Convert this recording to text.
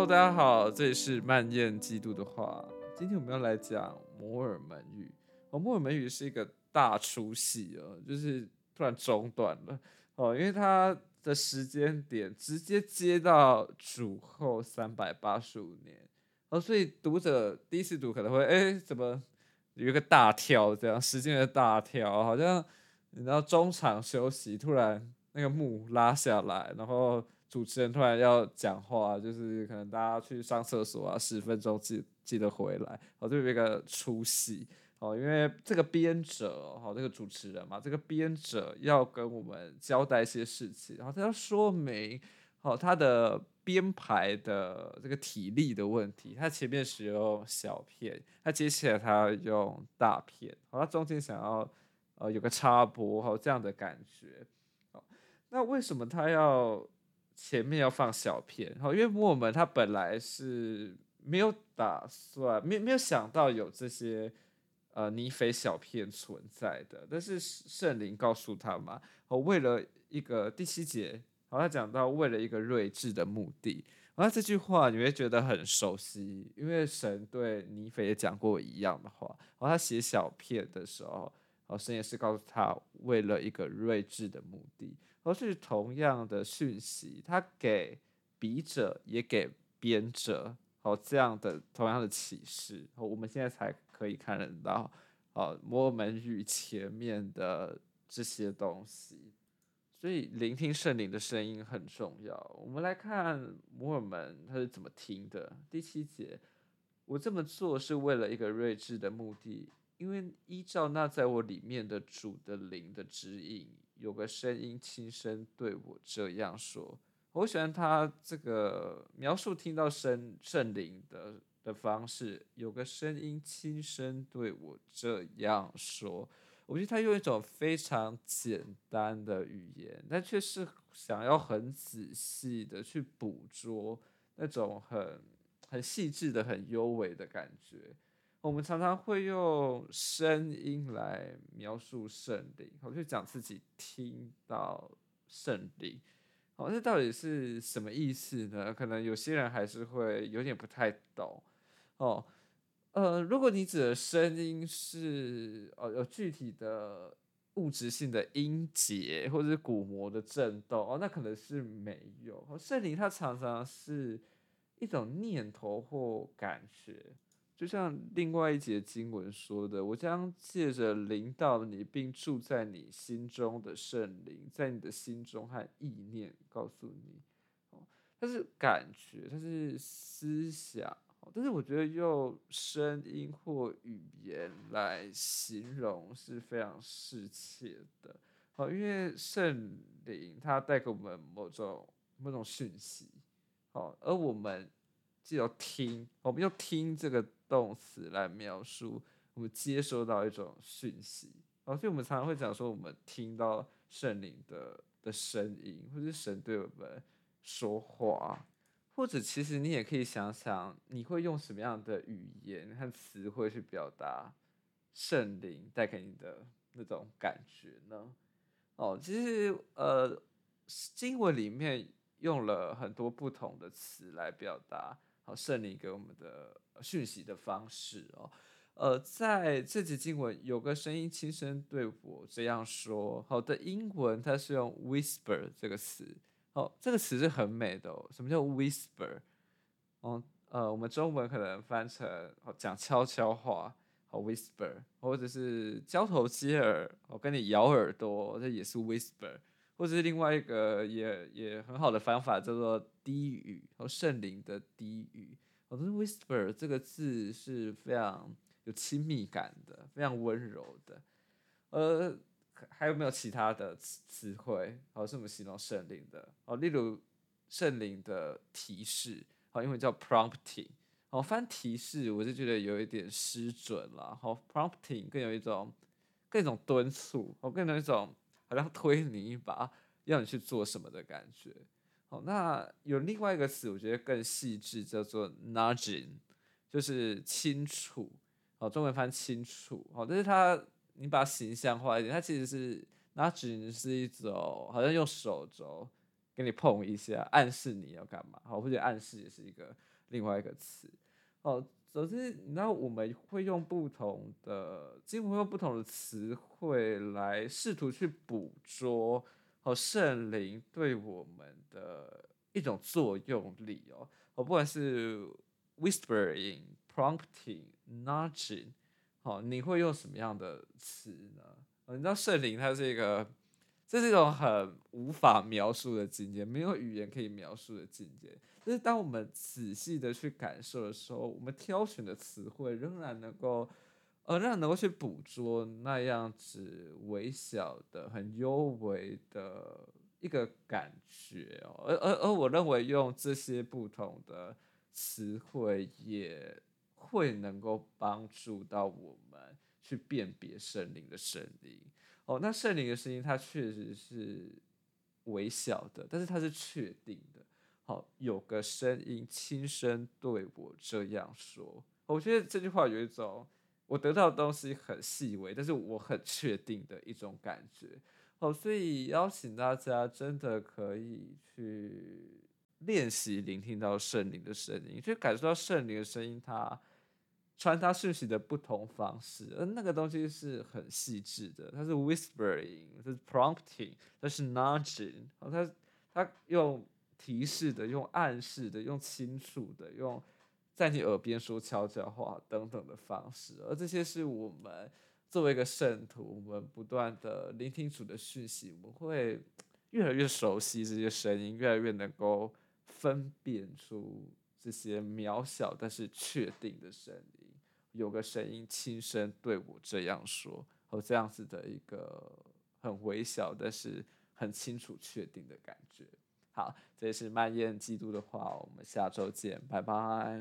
Hello，大家好，這裡是漫燕記錄的話。今天我們要來講摩爾門語。哦，摩爾門語是一個大出戲哦，就是突然中斷了哦，因為它的時間點直接接到主後三百八十五年哦，所以讀者第一次讀可能會哎，怎麼有一個大跳？這樣時間的大跳，好像你知道中場休息，突然那個幕拉下來，然後。主持人突然要講話，就是可能大家去上廁所啊，十分鐘記記得回來。哦，這邊有一個出戲哦，因為這個編者哦，這個主持人嘛，這個編者要跟我們交代一些事情，然後他要說明哦，他的編排的這個體力的問題，他前面使用小片，他接下來他要用大片，好，他中間想要呃有個插播，好這樣的感覺。那為什麼他要？前面要放小片，然後因為摩爾門他本來是沒有打算，沒沒有想到有這些呃尼腓小片存在的，但是聖靈告訴他嘛，哦，為了一個第七節，然後他講到為了一個睿智的目的，然後這句話你會覺得很熟悉，因為神對尼腓也講過一樣的話，然後他寫小片的時候，然後神也是告訴他為了一個睿智的目的。都是同樣的訊息，他給筆者也給編者，好，這樣的同樣的啟示，我們現在才可以看得到，好，摩爾門與前面的這些東西，所以聆聽聖靈的聲音很重要。我們來看摩爾門他是怎麼聽的。第七節，我這麼做是為了一個睿智的目的，因為依照那在我裡面的主的靈的指引，有個聲音輕聲對我這樣說，我喜歡他這個描述聽到聲聖靈的的方式。有個聲音輕聲對我這樣說，我覺得他用一種非常簡單的語言，但卻是想要很仔細的去捕捉那種很很細緻的、很優美的感覺。我們常常會用聲音來描述聖靈，我就講自己聽到聖靈，好，那到底是什麼意思呢？可能有些人還是會有點不太懂。哦，呃，如果你指的聲音是哦有具體的物質性的音節或者是鼓膜的震動，哦，那可能是沒有。哦，聖靈它常常是一種念頭或感覺。就像另外一節經文說的，我將借着臨到你並住在你心中的聖靈，在你的心中和意念告訴你，哦，它是感覺，它是思想，哦，但是我覺得用聲音或語言來形容是非常適切的，哦，因為聖靈它帶給我們某種某種訊息，哦，而我們既要聽，我們要聽這個。動詞來描述我們接收到一種訊息，哦，所以我們常常會講說，我們聽到聖靈的的聲音，或是神對我們說話，或者其實你也可以想想，你會用什麼樣的語言和詞彙去表達聖靈帶給你的那種感覺呢？哦，其實呃，經文裡面用了很多不同的詞來表達。好，聖靈給我們的訊息的方式哦，呃，在這節經文有個聲音輕聲對我這樣說，好的英文它是用 whisper 這個詞，好、哦，這個詞是很美的哦。什麼叫 whisper？嗯、哦，呃，我們中文可能翻成講悄悄話，好，whisper，或者是交頭接耳，我跟你咬耳朵，這也是 whisper。或者是另外一個也也很好的方法叫做低語，和聖靈的低語，好，是 whisper 這個字是非常有親密感的，非常溫柔的。呃，還有沒有其他的詞詞彙，好，是什麼形容聖靈的？哦，例如聖靈的提示，好，英文叫 prompting。哦，翻提示我就覺得有一點失準了。好，prompting 更有一種，更一種敦促，好，更有一種。好像推你一把，要你去做什麼的感覺。好，那有另外一個詞，我覺得更細緻，叫做 nudging，就是清楚。好，中文翻清楚。好，但是它你把它形象化一點，它其實是 nudging 是一種好像用手肘給你碰一下，暗示你要幹嘛。好，或者暗示也是一個另外一個詞。好。首先，你知道我們會用不同的，幾乎用不同的詞彙來試圖去捕捉和聖靈對我們的一種作用力哦。我不管是 whispering、prompting、nudging，好，你會用什麼樣的詞呢？你知道聖靈它是一個。這是一種很無法描述的境界，沒有語言可以描述的境界。但是當我們仔細的去感受的時候，我們挑選的詞彙仍然能夠，呃，仍然能夠去捕捉那樣子微小的、很幽微的一個感覺，哦。而而而，而我認為用這些不同的詞彙也會能夠幫助到我們。去辨別聖靈的聲音哦，那聖靈的聲音，它確實是微小的，但是它是確定的。好，有個聲音輕聲對我這樣說，好，我覺得這句話有一種我得到的東西很細微，但是我很確定的一種感覺。好，所以邀請大家真的可以去練習聆聽到聖靈的聲音，去感受到聖靈的聲音，它。傳達訊息的不同方式，而那個東西是很細緻的。它是 whispering，它是 prompting，它是 nudging。它它用提示的，用暗示的，用清楚的，用在你耳邊說悄悄話等等的方式。而這些是我們作為一個聖徒，我們不斷的聆聽主的訊息，我們會越來越熟悉這些聲音，越來越能夠分辨出這些渺小但是確定的聲音。有個聲音輕聲對我這樣說，或、哦、這樣子的一個很微小但是很清楚確定的感覺。好，這是蔓延嫉妒的話，我們下周見，拜拜。